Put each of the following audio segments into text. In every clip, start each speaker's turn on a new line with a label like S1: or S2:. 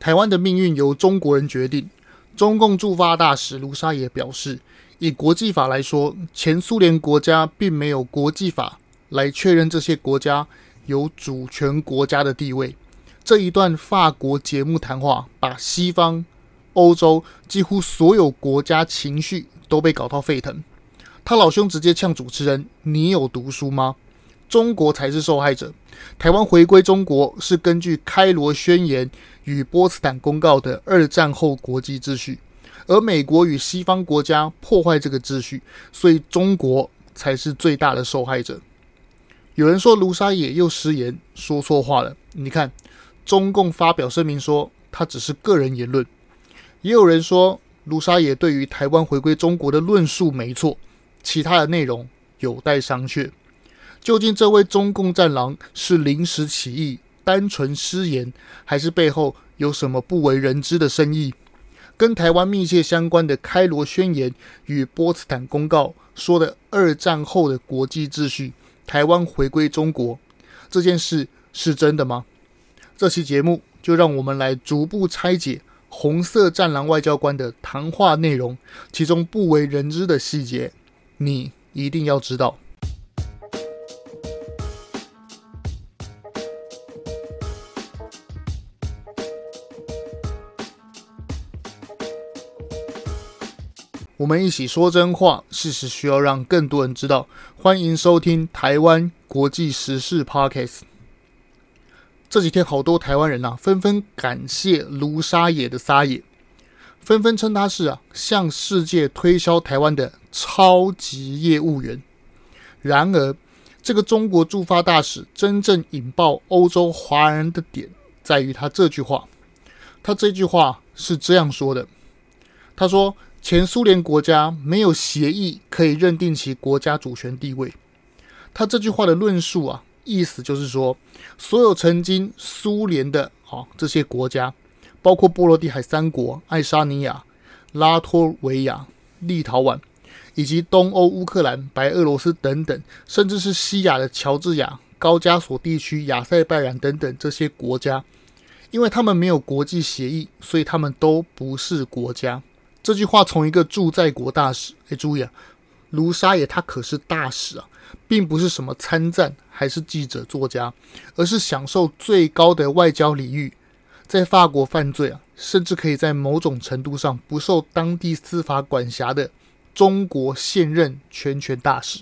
S1: 台灣的命運由中國人決定。中共駐法大使盧沙野表示，以國際法來說，前蘇聯國家並沒有國際法來確認這些國家有主權國家的地位。這一段法國節目談話把西方、歐洲幾乎所有國家情緒都被搞到沸騰。他老兄直接嗆主持人：“你有讀書嗎？”中國才是受害者。台灣回歸中國是根據《開羅宣言》與《波茨坦公告》的二戰後國際秩序，而美國與西方國家破壞這個秩序，所以中國才是最大的受害者。有人說盧沙野又失言，說錯話了。你看，中共發表聲明說他只是個人言論。也有人說盧沙野對於台灣回歸中國的論述沒錯，其他的內容有待商榷。究竟這位中共戰狼是臨時起意、單純失言，還是背後有什麼不為人知的深意？跟台灣密切相關的《開羅宣言》與《波茨坦公告》說的二戰後的國際秩序，台灣回歸中國這件事是真的嗎？這期節目就讓我們來逐步拆解紅色戰狼外交官的談話內容，其中不為人知的細節，你一定要知道。我們一起說真話，事實需要讓更多人知道。歡迎收聽《台灣國際時事》Podcast。這幾天，好多台灣人吶、啊，紛紛感謝盧沙野的“撒野”，紛紛稱他是啊，向世界推銷台灣的超級業務員。然而，這個中國駐法大使真正引爆歐洲華人的點，在於他這句話。他這句話是這樣說的，他說，前蘇聯國家沒有協議可以認定其國家主權地位。他這句話的論述啊，意思就是說，所有曾經蘇聯的啊這些國家，包括波羅的海三國、愛沙尼亞、拉脫維亞、立陶宛，以及東歐烏克蘭、白俄羅斯等等，甚至是西亞的喬治亞、高加索地區、亞塞拜然等等這些國家，因為他們沒有國際協議，所以他們都不是國家。這句話從一個駐在國大使，誒，注意啊，盧沙野他可是大使啊，並不是什麼參贊還是記者作家，而是享受最高的外交禮遇，在法國犯罪啊，甚至可以在某種程度上不受當地司法管轄的中國現任全權大使。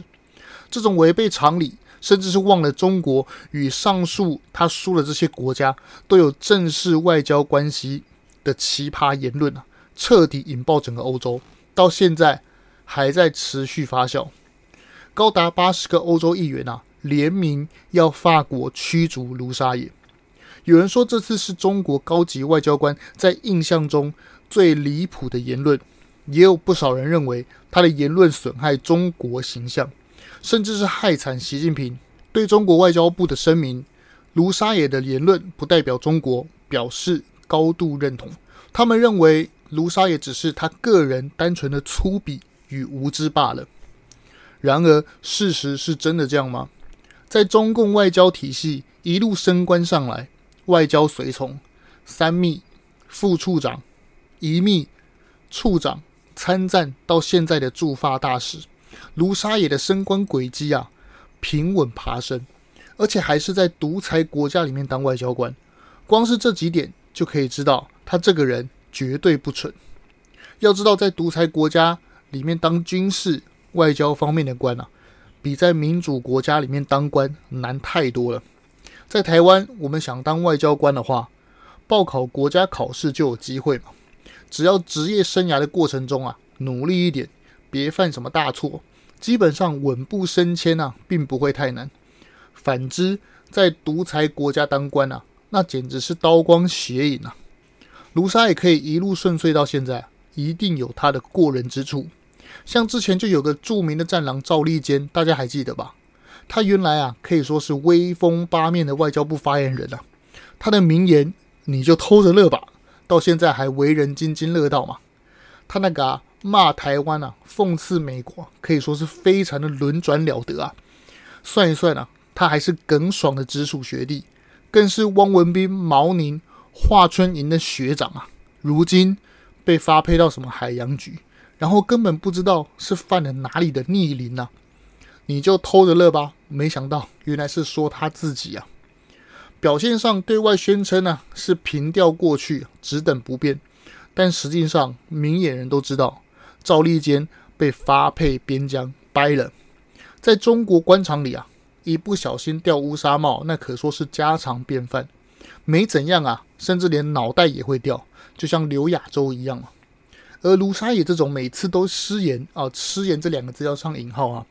S1: 這種違背常理，甚至是忘了中國與上述他輸的這些國家都有正式外交關係的奇葩言論啊！徹底引爆整個歐洲，到現在還在持續發酵。高達八十個歐洲議員啊，聯名要法國驅逐盧沙野。有人說這次是中國高級外交官在印象中最離譜的言論，也有不少人認為他的言論損害中國形象，甚至是害慘習近平。對中國外交部的聲明，盧沙野的言論不代表中國，表示高度認同。他們認為。盧沙野只是他個人單純的粗鄙與無知罷了。然而，事實是真的這樣嗎？在中共外交體系一路升官上來，外交隨從、三秘、副處長、一秘、處長、參贊到現在的駐法大使，盧沙野的升官軌跡啊，平穩爬升，而且還是在獨裁國家裡面當外交官。光是這幾點就可以知道，他這個人。絕對不蠢。要知道，在獨裁國家裡面當軍事、外交方面的官啊，比在民主國家裡面當官難太多了。在台灣，我們想當外交官的話，報考國家考試就有機會嘛。只要職業生涯的過程中啊，努力一點，別犯什麼大錯，基本上穩步升遷啊，並不會太難。反之，在獨裁國家當官啊，那簡直是刀光血影啊。盧沙野可以一路順遂到現在，一定有他的過人之處。像之前就有個著名的戰狼趙立堅，大家還記得吧？他原來啊可以說是威風八面的外交部發言人吶、啊。他的名言你就偷着樂吧，到現在還為人津津樂道嘛。他那個、啊、罵台灣啊、諷刺美國、啊，可以說是非常的輪轉了得啊。算一算啊，他還是耿爽的直屬學弟，更是汪文斌、毛寧。華春瑩的學長啊，如今被發配到什麼海洋局，然後根本不知道是犯了哪裡的逆鱗啊，你就偷着樂吧，沒想到原來是說他自己啊。表現上對外宣稱呢、啊、是平調過去，職等不變，但實際上明眼人都知道，趙立堅被發配邊疆掰了。在中國官場裡啊，一不小心掉烏紗帽，那可說是家常便飯。沒怎樣啊。甚至連腦袋也會掉，就像劉亞洲一樣啊，而盧沙野這種每次都失言啊，失言這兩個字要上引號啊，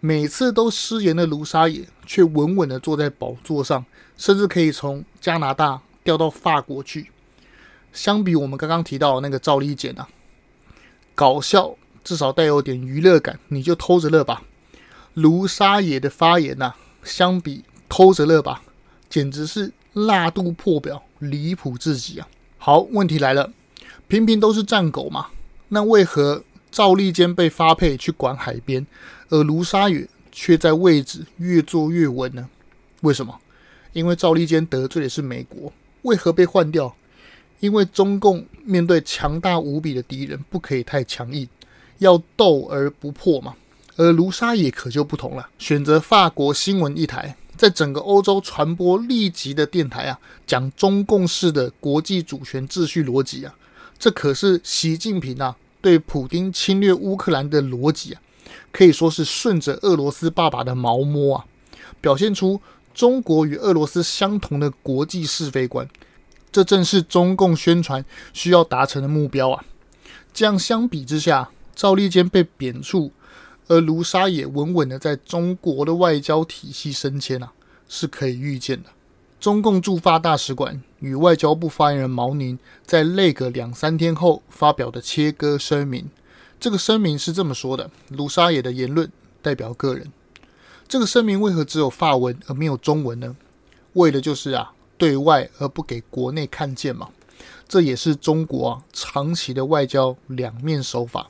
S1: 每次都失言的盧沙野，卻穩穩地坐在寶座上，甚至可以從加拿大調到法國去。相比我們剛剛提到那個趙立堅啊，搞笑至少帶有點娛樂感，你就偷着樂吧。盧沙野的發言吶、啊，相比偷着樂吧，簡直是。辣度破表，離譜至極啊！好，問題來了，平平都是戰狗嘛？那為何趙立堅被發配去管海邊，而盧沙野卻在位置越坐越穩呢？為什麼？因為趙立堅得罪的是美國，為何被換掉？因為中共面對強大無比的敵人，不可以太強硬，要鬥而不破嘛。而盧沙野可就不同了，選擇法國新聞一台。在整個歐洲傳播立即的電台啊，講中共式的國際主權秩序邏輯啊，這可是習近平啊對普丁侵略烏克蘭的邏輯啊，可以說是順着俄羅斯爸爸的毛摸啊，表現出中國與俄羅斯相同的國際是非觀，這正是中共宣傳需要達成的目標啊。這樣相比之下，趙立堅被貶黜。而盧沙野穩穩的在中國的外交體系升遷啊，是可以預見的。中共駐法大使館與外交部發言人毛寧在那個兩三天後發表的切割聲明，這個聲明是這麼說的：盧沙野的言論代表個人。這個聲明為何只有法文而沒有中文呢？為的就是啊，對外而不給國內看見嘛。這也是中國啊長期的外交兩面手法。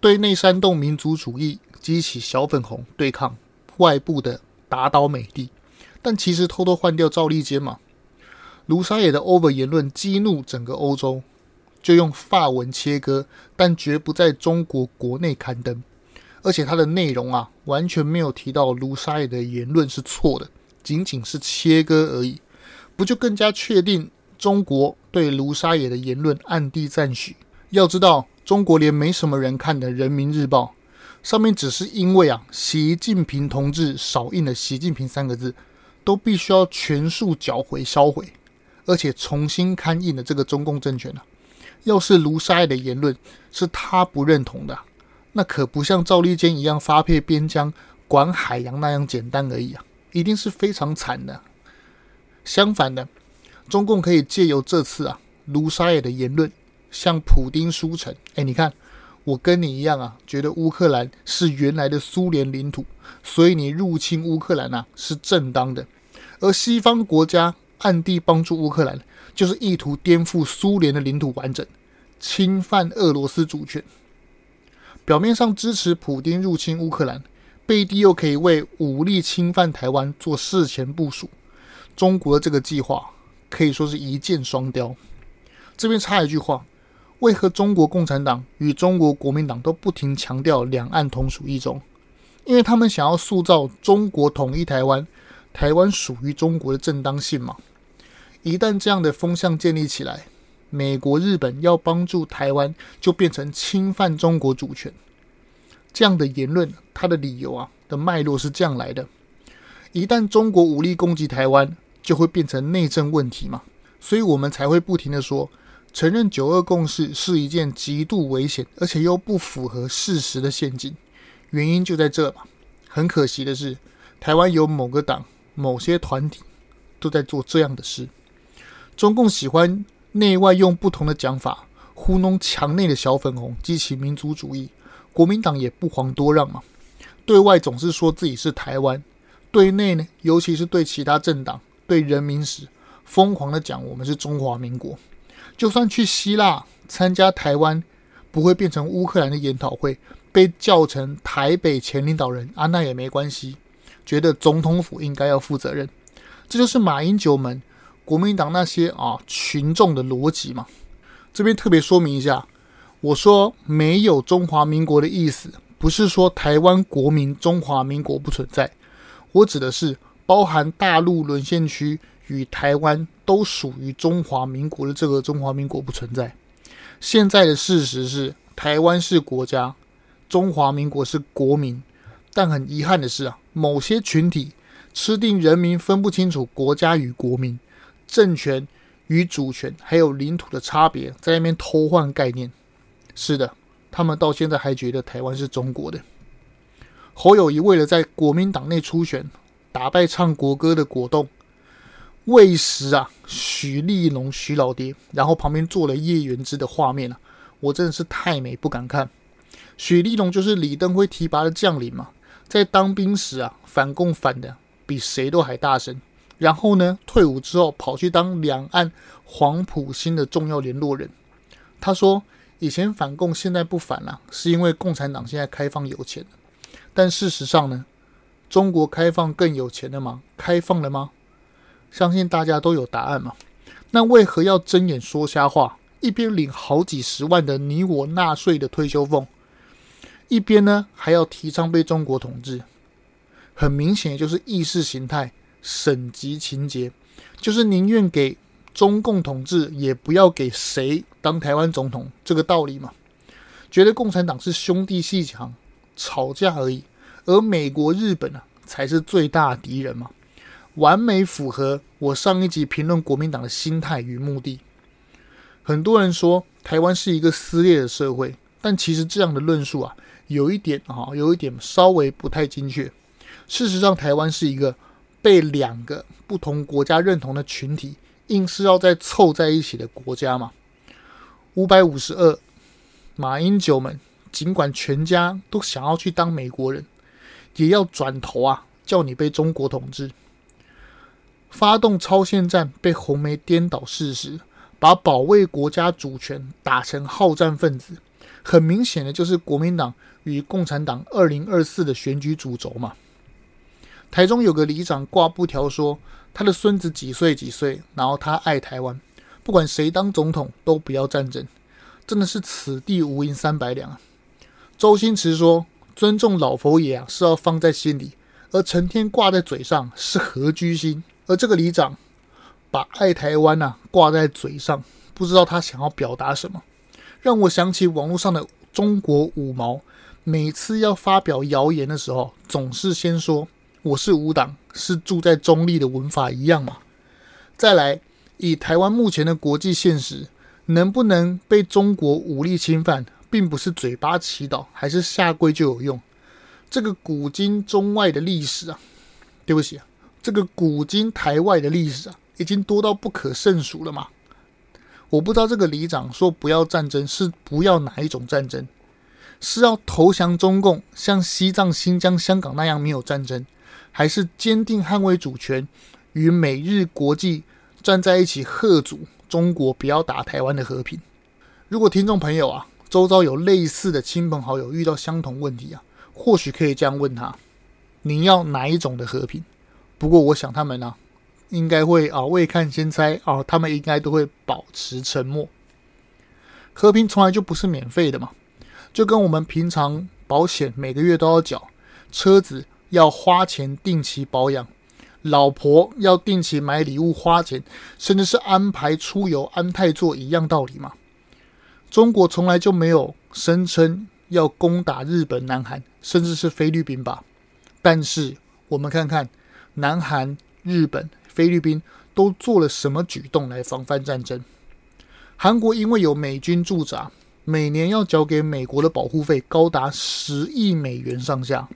S1: 對內煽動民族主義，激起小粉紅對抗外部的打倒美帝，但其實偷偷換掉趙立堅嘛。盧沙野的 over 言論激怒整個歐洲，就用法文切割，但絕不在中國國內刊登。而且它的內容啊，完全沒有提到盧沙野的言論是錯的，僅僅是切割而已，不就更加確定中國對盧沙野的言論暗地讚許？要知道。中國連沒什麼人看的《人民日報》上面，只是因為啊，習近平同志少印了“習近平”三個字，都必須要全數繳回銷毀，而且重新刊印了這個中共政權呢、啊，要是盧沙野的言論是他不認同的，那可不像趙立堅一樣發配邊疆、管海洋那樣簡單而已啊，一定是非常慘的。相反的，中共可以借由這次啊，盧沙野的言論。像普丁輸誠，哎，你看，我跟你一樣啊，覺得烏克蘭是原來的蘇聯領土，所以你入侵烏克蘭吶、啊、是正當的，而西方國家暗地幫助烏克蘭，就是意圖顛覆蘇聯的領土完整，侵犯俄羅斯主權。表面上支持普丁入侵烏克蘭，背地又可以為武力侵犯台灣做事前部署，中國這個計劃可以說是一箭雙鵰。這邊插一句話。為何中國共產黨與中國國民黨都不停強調兩岸同屬一中？因為他們想要塑造中國統一台灣，台灣屬於中國的正當性嘛。一旦這樣的風向建立起來，美國、日本要幫助台灣就變成侵犯中國主權。這樣的言論，它的理由啊，的脈絡是這樣來的：一旦中國武力攻擊台灣，就會變成內政問題嘛。所以我們才會不停的說。承認“九二共識”是一件極度危險，而且又不符合事實的陷阱。原因就在這吧。很可惜的是，台灣有某個黨、某些團體都在做這樣的事。中共喜歡內外用不同的講法糊弄牆內的小粉紅，激起民族主義。國民黨也不遑多讓嘛，對外總是說自己是台灣，對內呢，尤其是對其他政黨、對人民時，瘋狂地講我們是中華民國。就算去希臘參加台灣不會變成烏克蘭的研討會，被叫成台北前領導人安、啊、那也沒關係。覺得總統府應該要負責任，這就是馬英九們、國民黨那些啊群眾的邏輯嘛。這邊特別說明一下，我說沒有中華民國的意思，不是說台灣國民中華民國不存在，我指的是包含大陸淪陷區。與台灣都屬於中華民國的這個中華民國不存在。現在的事實是，台灣是國家，中華民國是國民。但很遺憾的是啊，某些群體吃定人民，分不清楚國家與國民、政權與主權，還有領土的差別，在那邊偷換概念。是的，他們到現在還覺得台灣是中國的。侯友宜為了在國民黨內初選打敗唱國歌的郭董。為食啊，許歷農，許老爹，然後旁邊坐了葉元之的畫面啊，我真的是太美不敢看。許歷農就是李登輝提拔的將領嘛，在當兵時啊，反共反的比誰都還大聲。然後呢，退伍之後跑去當兩岸黃埔星的重要聯絡人。他說以前反共，現在不反了啊，是因為共產黨現在開放有錢了。但事實上呢，中國開放更有錢了嗎？開放了嗎？相信大家都有答案嘛？那為何要睜眼說瞎話？一邊領好幾十萬的你我納稅的退休俸，一邊呢還要提倡被中國統治？很明顯也就是意識形態、省籍情結，就是寧願給中共統治，也不要給誰當台灣總統這個道理嘛？覺得共產黨是兄弟鬩牆吵架而已，而美國、日本呢、啊、才是最大敵人嘛？完美符合我上一集評論國民黨的心態與目的。很多人說臺灣是一個撕裂的社會，但其實這樣的論述啊，有一點啊，有一點稍微不太精確。事實上，臺灣是一個被兩個不同國家認同的群體硬是要再湊在一起的國家嘛。五百五十二，馬英九們儘管全家都想要去當美國人，也要轉頭啊，叫你被中國統治。發動超限戰被紅媒顛倒事實，把保衛國家主權打成好戰分子，很明顯的就是國民黨與共產黨二零二四的選舉主軸嘛。台中有個里長掛布條說，他的孫子幾歲幾歲，然後他愛台灣，不管誰當總統都不要戰爭，真的是此地無銀三百兩啊。周星馳說，尊重老佛爺啊，是要放在心裡，而成天掛在嘴上是何居心？而這個里長，把愛台灣呢、啊、掛在嘴上，不知道他想要表達什麼，讓我想起網絡上的中國五毛，每次要發表謠言的時候，總是先說我是無黨，是住在中立的文法一樣嘛。再來，以台灣目前的國際現實，能不能被中國武力侵犯，並不是嘴巴祈禱，還是下跪就有用。這個古今中外的歷史啊，對不起啊。這個古今台外的歷史啊，已經多到不可勝數了嘛。我不知道這個里長說不要戰爭是不要哪一種戰爭，是要投降中共，像西藏、新疆、香港那樣沒有戰爭，還是堅定捍衛主權，與美日國際站在一起，嚇阻中國不要打台灣的和平？如果聽眾朋友啊，周遭有類似的親朋好友遇到相同問題啊，或許可以這樣問他：你要哪一種的和平？不過，我想他們呢、啊，應該會啊，未看先猜啊，他們應該都會保持沉默。和平從來就不是免費的嘛，就跟我們平常保險每個月都要繳，車子要花錢定期保養，老婆要定期買禮物花錢，甚至是安排出遊安太座一樣道理嘛。中國從來就沒有聲稱要攻打日本、南韓，甚至是菲律賓吧？但是我們看看。南韓、日本、菲律賓都做了什麼舉動來防範戰爭？韓國因為有美軍駐紮，每年要繳給美國的保護費高達十億美元上下。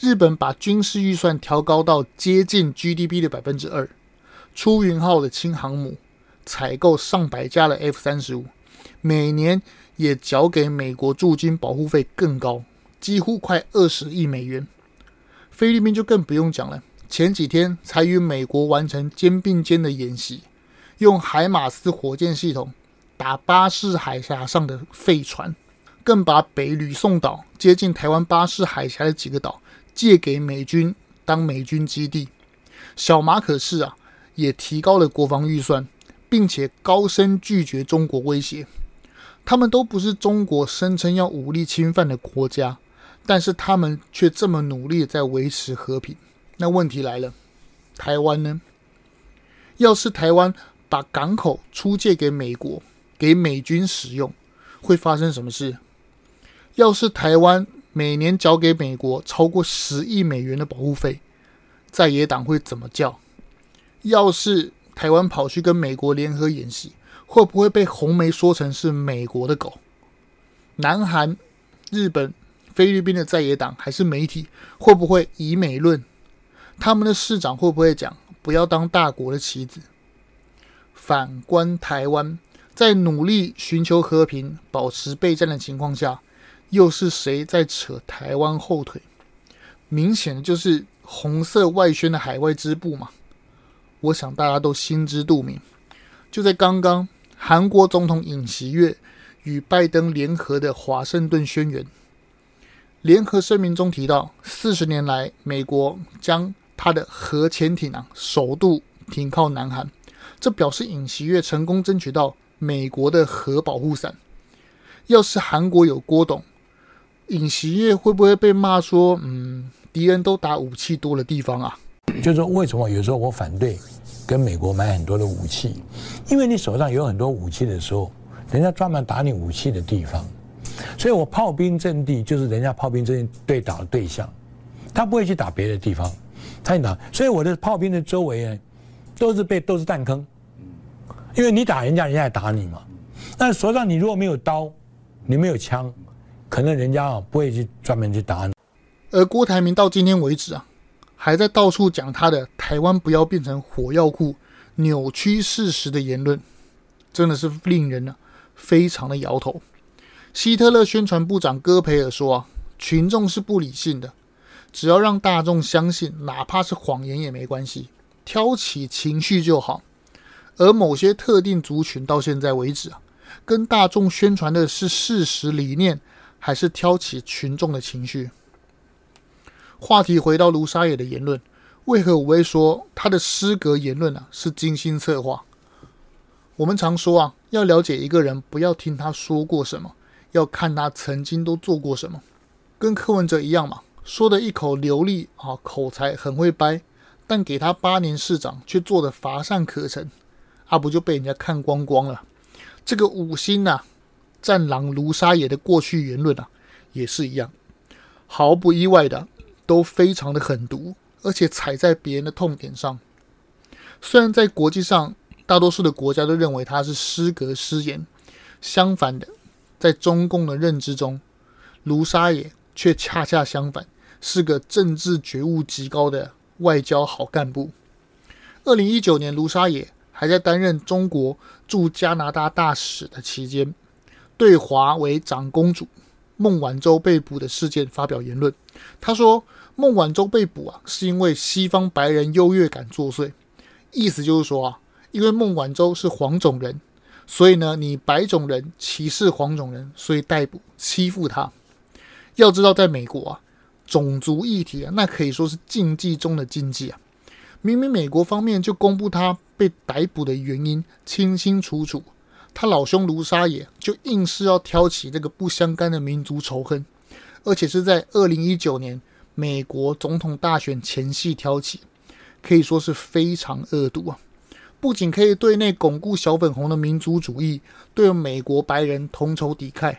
S1: 日本把軍事預算調高到接近 GDP 的百分之二，出雲號的輕航母採購上百架的 F 三十五，35，每年也繳給美國駐軍保護費更高，幾乎快二十億美元。菲律賓就更不用講了。前幾天才與美國完成肩並肩的演習，用海馬斯火箭系統打巴士海峽上的廢船，更把北呂宋島接近台灣巴士海峽的幾個島借給美軍當美軍基地。小馬可仕啊，也提高了國防預算，並且高聲拒絕中國威脅。他們都不是中國聲稱要武力侵犯的國家，但是他們却這麼努力在維持和平。那問題來了，台灣呢？要是台灣把港口出借給美國，給美軍使用，會發生什麼事？要是台灣每年交給美國超過十億美元的保護費，在野黨會怎麼叫？要是台灣跑去跟美國聯合演習，會不會被紅媒說成是美國的狗？南韓、日本、菲律賓的在野黨還是媒體，會不會以美論？他們的市長會不會講“不要當大國的棋子”？反觀台灣，在努力尋求和平、保持備戰的情況下，又是誰在扯台灣後腿？明顯的就是紅色外宣的海外支部嘛。我想大家都心知肚明。就在剛剛，韓國總統尹錫悅與拜登聯合的華盛頓宣言聯合聲明中提到，四十年來，美國將他的核潛艇啊，首度停靠南韓，這表示尹錫悅成功爭取到美國的核保護傘。要是韓國有郭董，尹錫悅會不會被罵說：“嗯，敵人都打武器多的地方啊？”就是說為什麼有時候我反對跟美國買很多的武器，因為你手上有很多武器的時候，人家專門打你武器的地方，所以我炮兵陣地就是人家炮兵陣地對打的對象，他不會去打別的地方。參戰，所以我的炮兵的周圍都是被都是彈坑，因為你打人家，人家也打你嘛。但是說上你如果沒有刀，你沒有槍，可能人家啊不會去專門去打你。而郭台銘到今天為止啊，還在到處講他的台灣不要變成火藥庫、扭曲事實的言論，真的是令人呢、啊、非常的搖頭。希特勒宣傳部長戈培爾說啊，群眾是不理性的。只要讓大眾相信，哪怕是謊言也沒關係，挑起情緒就好。而某些特定族群到現在為止啊，跟大眾宣傳的是事實理念，還是挑起群眾的情緒？話題回到盧沙野的言論，為何我會說他的失格言論啊是精心策劃？我們常說啊，要了解一個人，不要聽他說過什麼，要看他曾經都做過什麼，跟柯文哲一樣嘛。說的一口流利啊，口才很會掰，但給他八年市長卻做的乏善可陳，阿不就被人家看光光了。這個五星吶，戰狼盧沙野的過去言論啊，也是一樣，毫不意外的，都非常的狠毒，而且踩在別人的痛點上。雖然在國際上，大多數的國家都認為他是失格失言，相反的，在中共的認知中，盧沙野卻恰恰相反。是個政治覺悟極高的外交好幹部。二零一九年，盧沙野還在擔任中國駐加拿大大使的期間，對華為長公主孟晚舟被捕的事件發表言論。他說：“孟晚舟被捕啊，是因為西方白人優越感作祟。意思就是說啊，因為孟晚舟是黃種人，所以呢，你白種人歧視黃種人，所以逮捕欺負他。要知道，在美國啊。”種族議題啊，那可以說是禁忌中的禁忌啊！明明美國方面就公布他被逮捕的原因清清楚楚，他老兄盧沙野就硬是要挑起這個不相干的民族仇恨，而且是在二零一九年美國總統大選前夕挑起，可以說是非常惡毒啊！不僅可以對內鞏固小粉紅的民族主義，對美國白人同仇敵愾，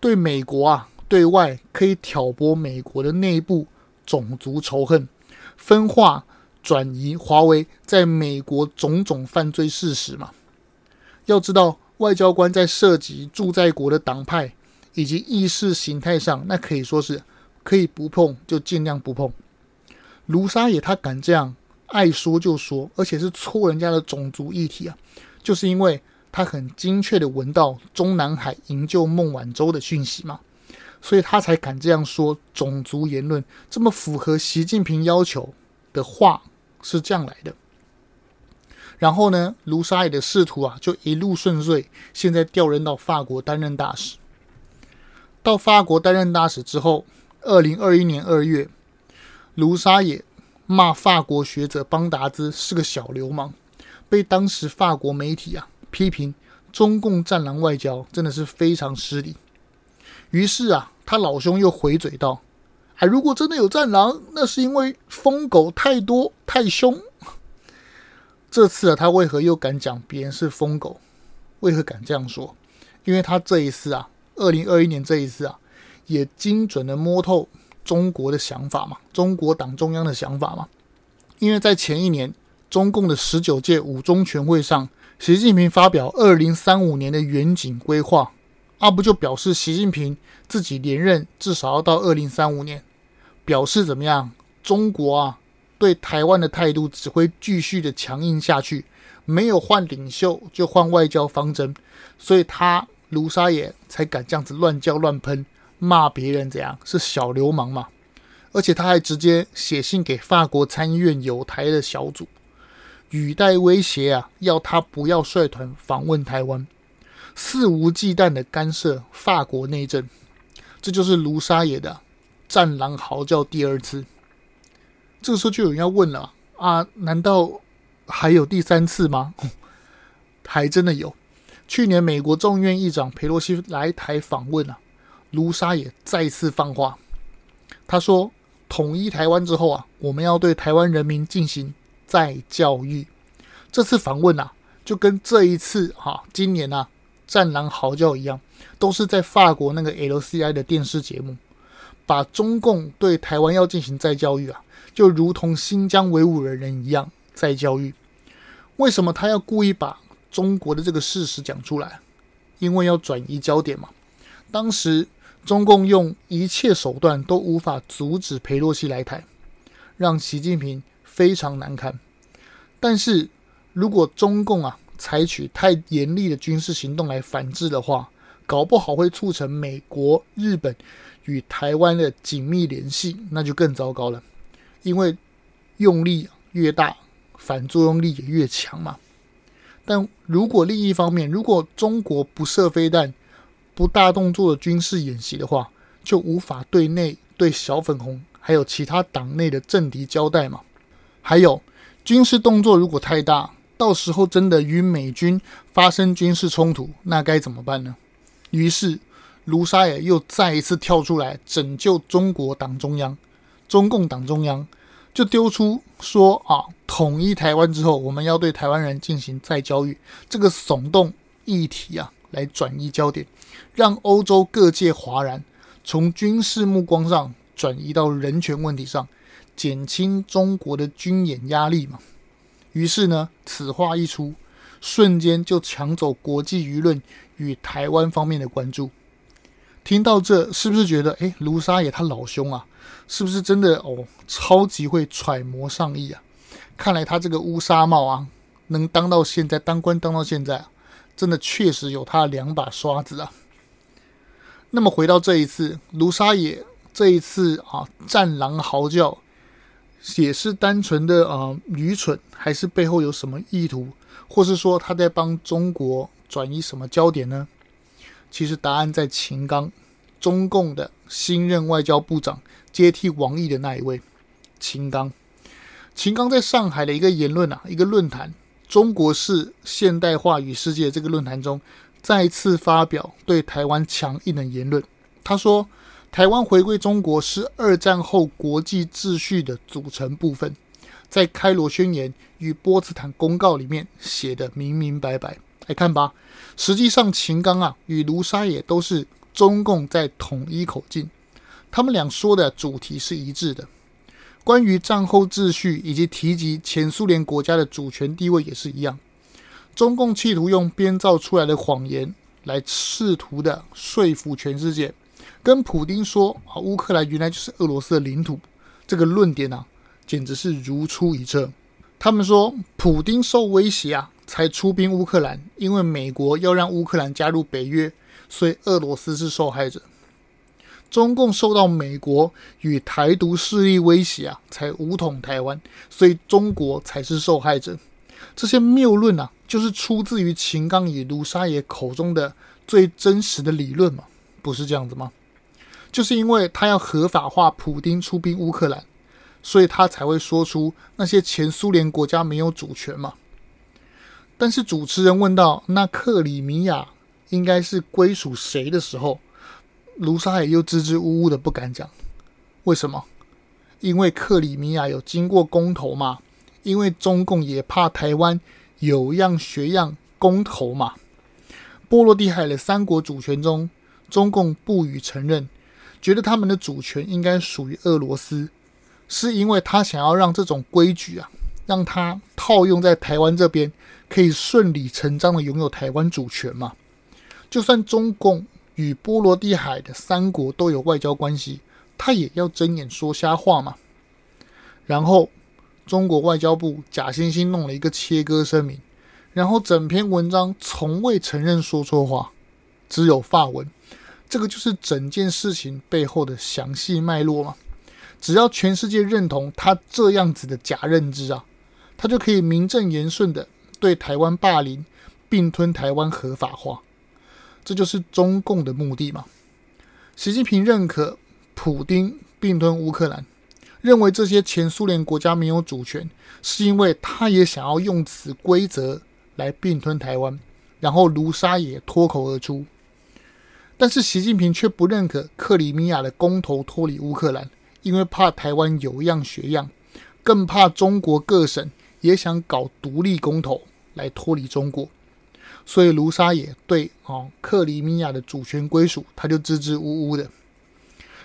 S1: 對美國啊。對外可以挑撥美國的內部種族仇恨、分化、轉移華為在美國種種犯罪事實嘛。要知道，外交官在涉及駐在國的黨派以及意識形態上，那可以說是可以不碰就盡量不碰。盧沙野他敢這樣愛說就說，而且是戳人家的種族議題啊，就是因為他很精確的聞到中南海營救孟晚舟的訊息嘛。所以他才敢這樣說，種族言論這麼符合習近平要求的話是這樣來的。然後呢，盧沙野的仕途啊就一路順遂，現在調任到法國擔任大使。到法國擔任大使之後，二零二一年二月，盧沙野罵法國學者邦達茲是個小流氓，被當時法國媒體啊批評中共戰狼外交真的是非常失禮。於是啊。他老兄又回嘴道：“哎，如果真的有戰狼，那是因為瘋狗太多太凶。這次啊，他為何又敢講別人是瘋狗？為何敢這樣說？因為他這一次啊，二零二一年這一次啊，也精準的摸透中國的想法嘛，中國黨中央的想法嘛。因為在前一年，中共的十九屆五中全會上，習近平發表二零三五年的遠景規劃。”阿、啊、不就表示，習近平自己連任至少要到二零三五年。表示怎麼樣？中國啊，對台灣的態度只會繼續的強硬下去，沒有換領袖就換外交方針。所以他盧沙野才敢這樣子亂叫亂噴，罵別人怎樣是小流氓嘛。而且他還直接寫信給法國參議院友台的小組，語帶威脅啊，要他不要率團訪問台灣。肆無忌憚地干涉法國內政，這就是盧沙野的“戰狼嚎叫”第二次。這個時候就有人要問了：啊，難道還有第三次嗎？還真的有。去年美國眾議院議長裴洛西來台訪問，盧沙野再次放話，他說：“統一台灣之後啊，我們要對台灣人民進行再教育。”這次訪問啊，就跟這一次哈、啊，今年啊。《戰狼嚎叫》一樣，都是在法國那個 LCI 的電視節目，把中共對台灣要進行再教育啊，就如同新疆維吾爾人一樣再教育。為什麼他要故意把中國的這個事實講出來？因為要轉移焦點嘛。當時中共用一切手段都無法阻止裴洛西來台，讓習近平非常難堪。但是如果中共啊，採取太嚴厲的軍事行動來反制的話，搞不好會促成美國、日本與台灣的緊密聯繫，那就更糟糕了。因為用力越大，反作用力也越強嘛。但如果另一方面，如果中國不射飛彈、不大動作的軍事演習的話，就無法對內對小粉紅還有其他黨內的政敵交代嘛。還有軍事動作如果太大，到時候真的與美軍發生軍事衝突，那該怎麼辦呢？於是盧沙野又再一次跳出來拯救中國黨中央，中共黨中央就丟出說啊，統一台灣之後，我們要對台灣人進行再教育，這個聳動議題啊，來轉移焦點，讓歐洲各界嘩然，從軍事目光上轉移到人權問題上，減輕中國的軍演壓力嘛。於是呢，此話一出，瞬間就搶走國際輿論與台灣方面的關注。聽到這，是不是覺得哎，盧沙野他老兄啊？是不是真的哦，超級會揣摩上意啊？看來他這個烏紗帽啊，能當到現在，當官當到現在，真的確實有他的兩把刷子啊。那麼回到這一次，盧沙野這一次啊，戰狼嚎叫。也是單純的啊、呃、愚蠢，還是背後有什麼意圖，或是說他在幫中國轉移什麼焦點呢？其實答案在秦剛，中共的新任外交部長接替王毅的那一位，秦剛。秦剛在上海的一個言論啊，一個論壇“中國式現代化與世界”這個論壇中，再次發表對台灣強硬的言論。他說，台灣回歸中國是二戰後國際秩序的組成部分，在開羅宣言與波茨坦公告裡面寫得明明白白。來看吧，實際上秦剛啊與盧沙也都是中共在統一口徑，他們倆說的主題是一致的，關於戰後秩序以及提及前蘇聯國家的主權地位也是一樣。中共企圖用編造出來的謊言來試圖的說服全世界。跟普丁說啊，烏克蘭原來就是俄羅斯的領土，這個論點呢、啊，簡直是如出一轍。他們說，普丁受威脅啊，才出兵烏克蘭，因為美國要讓烏克蘭加入北約，所以俄羅斯是受害者。中共受到美國與台獨勢力威脅啊，才武統台灣，所以中國才是受害者。這些謬論啊，就是出自於秦剛與盧沙野口中的最真實的理論嘛？不是這樣子嗎？就是因為他要合法化普丁出兵烏克蘭，所以他才會說出那些前蘇聯國家沒有主權嘛。但是主持人問到那克里米亞應該是歸屬誰的時候，盧沙野又支支吾吾的不敢講。為什麼？因為克里米亞有經過公投嘛。因為中共也怕台灣有樣學樣公投嘛。波羅的海的三國主權中，中共不予承認。覺得他們的主權應該屬於俄羅斯，是因為他想要讓這種規矩啊，讓他套用在台灣這邊，可以順理成章的擁有台灣主權嘛？就算中共與波羅的海的三國都有外交關係，他也要睜眼說瞎話嘛？然後中國外交部假惺惺弄了一個切割聲明，然後整篇文章從未承認說錯話，只有發文。這個就是整件事情背後的詳細脈絡嘛。只要全世界認同他這樣子的假認知啊，他就可以名正言順地對台灣霸凌，並吞台灣合法化。這就是中共的目的嘛。習近平認可普丁並吞烏克蘭，認為這些前蘇聯國家沒有主權，是因為他也想要用此規則來並吞台灣。然後盧沙野脫口而出。但是習近平卻不認可克里米亞的公投脫離烏克蘭，因為怕台灣有樣學樣，更怕中國各省也想搞獨立公投來脫離中國。所以盧沙野對哦，克里米亞的主權歸屬，他就支支吾吾的。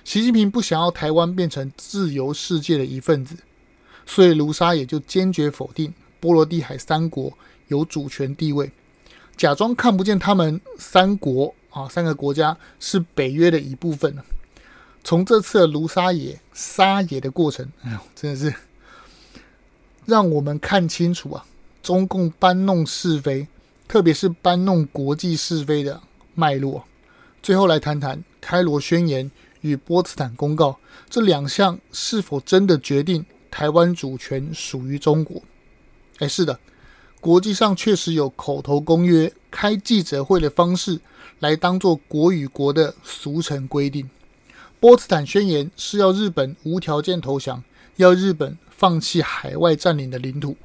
S1: 習近平不想要台灣變成自由世界的一份子，所以盧沙野就堅決否定波羅的海三國有主權地位，假裝看不見他們三國。啊，三個國家是北約的一部分、啊、從這次盧沙野撒野的過程，哎呦，真的是讓我們看清楚啊！中共搬弄是非，特別是搬弄國際是非的脈絡、啊。最後來談談《開羅宣言》與《波茨坦公告》這兩項是否真的決定台灣主權屬於中國？哎，是的，國際上確實有口頭公約，開記者會的方式。來當做國與國的俗成規定。波茨坦宣言是要日本無條件投降，要日本放棄海外佔領的領土。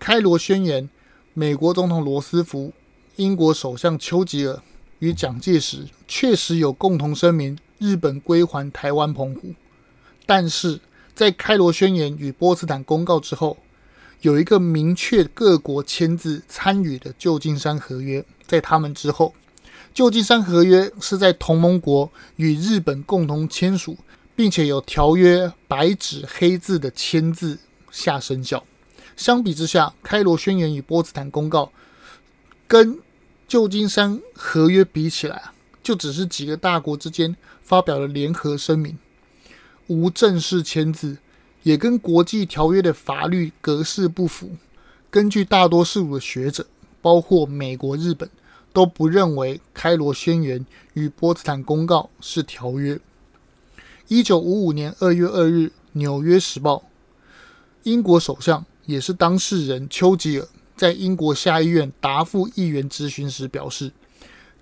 S1: 開羅宣言，美國總統羅斯福、英國首相丘吉爾與蔣介石確實有共同聲明，日本歸還台灣、澎湖。但是在開羅宣言與波茨坦公告之後，有一個明確各國簽字參與的舊金山合約，在他們之後。舊金山合約是在同盟國與日本共同簽署，並且有條約白紙黑字的簽字下生效。相比之下，開羅宣言與波茨坦公告跟舊金山合約比起來，就只是幾個大國之間發表了聯合聲明，無正式簽字，也跟國際條約的法律格式不符。根據大多數的學者，包括美國、日本。都不認為開羅宣言與波茨坦公告是條約。一九五五年二月二日，《紐約時報》英國首相也是當事人丘吉爾在英國下議院答覆議員質詢時表示：“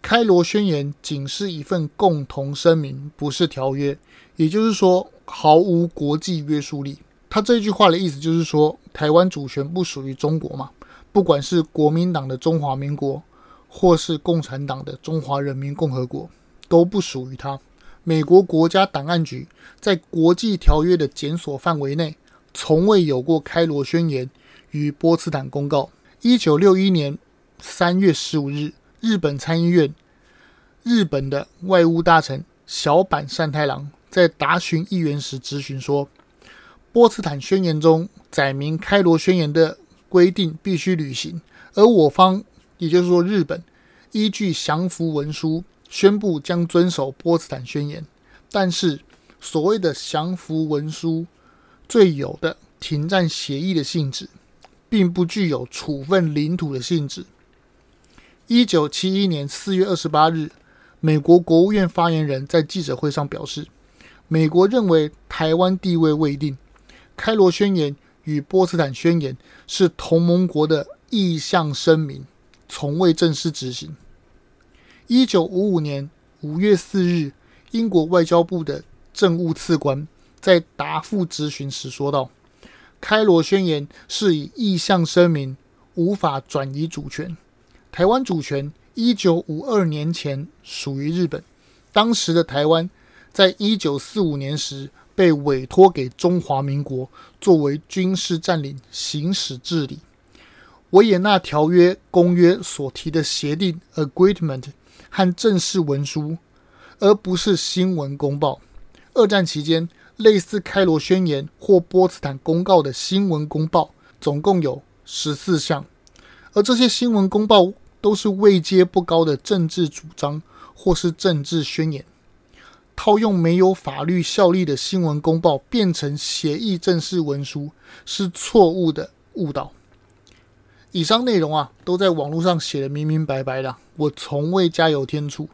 S1: 開羅宣言僅是一份共同聲明，不是條約，也就是說毫無國際約束力。”他這句話的意思就是說，台灣主權不屬於中國嘛？不管是國民黨的中華民國。或是共產黨的中華人民共和國都不屬於它。美國國家檔案局在國際條約的檢索範圍內，從未有過開羅宣言與波茨坦公告。一九六一年三月十五日，日本參議院，日本的外務大臣小坂善太郎在答詢議員時質詢說：“波茨坦宣言中載明開羅宣言的規定必須履行，而我方。”也就是說，日本依據降服文書宣布將遵守波茨坦宣言，但是所謂的降服文書最有的停戰協議的性質，並不具有處分領土的性質。一九七一年四月二十八日，美國國務院發言人在記者會上表示，美國認為臺灣地位未定，開羅宣言與波茨坦宣言是同盟國的意向聲明。從未正式執行。一九五五年五月四日，英國外交部的政務次官在答覆諮詢時說道：“開羅宣言是以意向聲明，無法轉移主權。台灣主權一九五二年前屬於日本，當時的台灣在一九四五年時被委託給中華民國，作為軍事佔領，行使治理。”維也納條約公約所提的協定 （agreement） 和正式文書，而不是新聞公報。二戰期間，類似開羅宣言或波茨坦公告的新聞公報總共有十四項，而這些新聞公報都是位階不高的政治主張或是政治宣言。套用沒有法律效力的新聞公報變成協議正式文書，是錯誤的誤導。以上內容啊，都在網絡上寫得明明白白的，我從未加油添醋。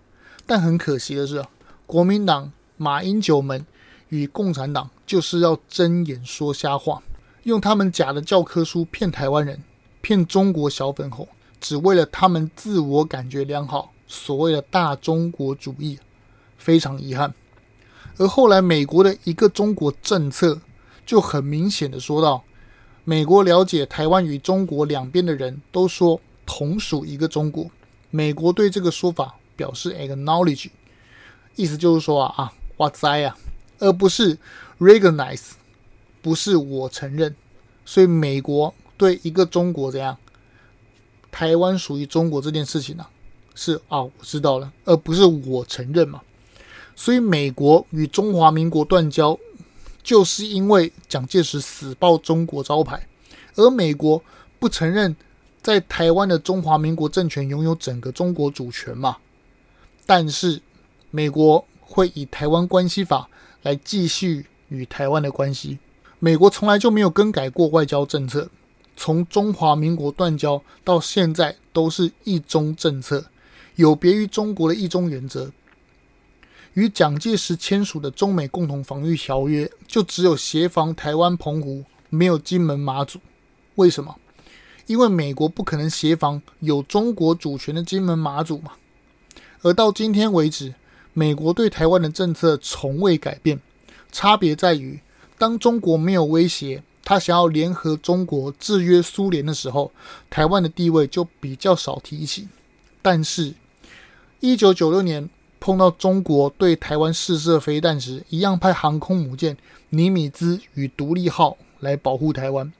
S1: 但很可惜的是，國民黨馬英九們與共產黨就是要睜眼說瞎話，用他們假的教科書騙台灣人，騙中國小粉紅，只為了他們自我感覺良好，所謂的大中國主義，非常遺憾。而後來美國的一個中國政策，就很明顯的說到。美國了解台灣與中國兩邊的人都說同屬一個中國，美國對這個說法表示 acknowledge，意思就是說啊啊哇塞啊，而不是 recognize，不是我承認，所以美國對一個中國怎樣，台灣屬於中國這件事情呢、啊，是啊我知道了，而不是我承認嘛，所以美國與中華民國斷交。就是因為蔣介石死抱中國招牌，而美國不承認在台灣的中華民國政權擁有整個中國主權嘛？但是美國會以台灣關係法來繼續與台灣的關係。美國從來就沒有更改過外交政策，從中華民國斷交到現在都是一中政策，有別於中國的一中原則。與蔣介石簽署的中美共同防禦條約，就只有協防台灣澎湖，沒有金門馬祖。為什麼？因為美國不可能協防有中國主權的金門馬祖嘛。而到今天為止，美國對台灣的政策從未改變。差別在於，當中國沒有威脅，他想要聯合中國制約蘇聯的時候，台灣的地位就比較少提起。但是，一九九六年，碰到中國對台灣試射飛彈時，一樣派航空母艦尼米茲與獨立號來保護台灣。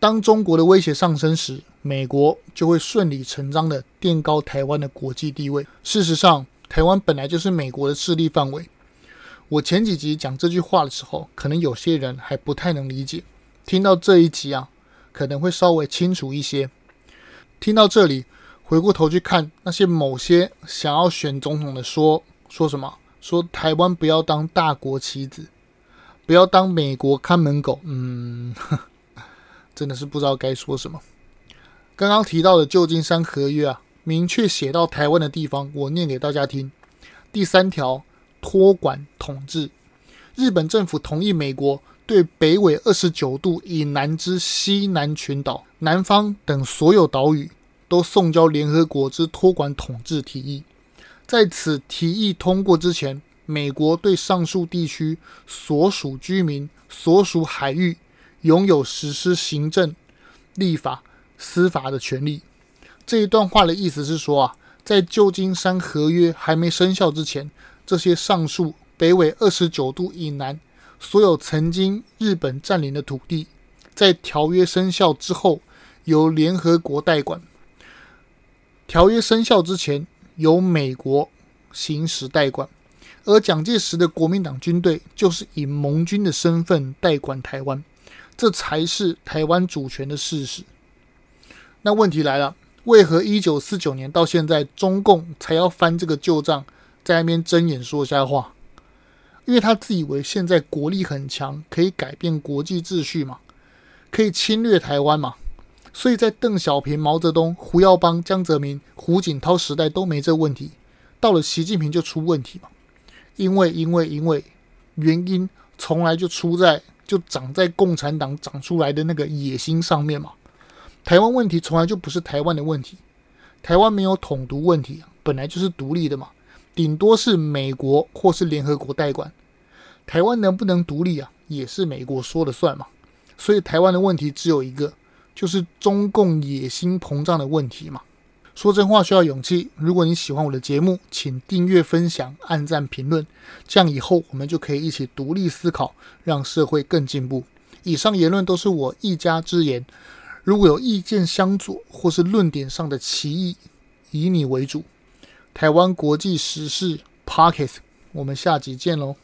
S1: 當中國的威脅上升時，美國就會順理成章地墊高台灣的國際地位。事實上，台灣本來就是美國的勢力範圍。我前幾集講這句話的時候，可能有些人還不太能理解。聽到這一集啊，可能會稍微清楚一些。聽到這裡。回過頭去看那些某些想要選總統的說，說什麼？說台灣不要當大國棋子，不要當美國看門狗。嗯，真的是不知道該說什麼。剛剛提到的舊金山和約啊，明確寫到台灣的地方，我念給大家聽。第三條托管統治，日本政府同意美國對北緯二十九度以南之西南群島、南方等所有島嶼。都送交聯合國之托管統治提議，在此提議通過之前，美國對上述地區所屬居民、所屬海域擁有實施行政、立法、司法的權利。這一段話的意思是說啊，在舊金山和約還沒生效之前，這些上述北緯二十九度以南所有曾經日本佔領的土地，在條約生效之後由聯合國代管。條約生效之前，由美國行使代管，而蔣介石的國民黨軍隊就是以盟軍的身份代管台灣，這才是台灣主權的事實。那問題來了，為何一九四九年到現在，中共才要翻這個舊賬，在那邊睜眼說瞎話？因為他自以為現在國力很強，可以改變國際秩序嘛，可以侵略台灣嘛。所以在鄧小平、毛澤東、胡耀邦、江澤民、胡錦濤時代都沒這問題，到了習近平就出問題嘛。因為因為因為原因從來就出在，就長在共產黨長出來的那個野心上面嘛。台灣問題從來就不是台灣的問題，台灣沒有統獨問題，本來就是獨立的嘛，頂多是美國或是聯合國代管。台灣能不能獨立啊，也是美國說了算嘛。所以台灣的問題只有一個。就是中共野心膨脹的問題嘛。說真話需要勇氣。如果你喜歡我的節目，請訂閱、分享、按讚、評論，這樣以後我們就可以一起獨立思考，讓社會更進步。以上言論都是我一家之言，如果有意見相左或是論點上的歧義，以你為主。台灣國際時事 Podcast，我們下集見嘍。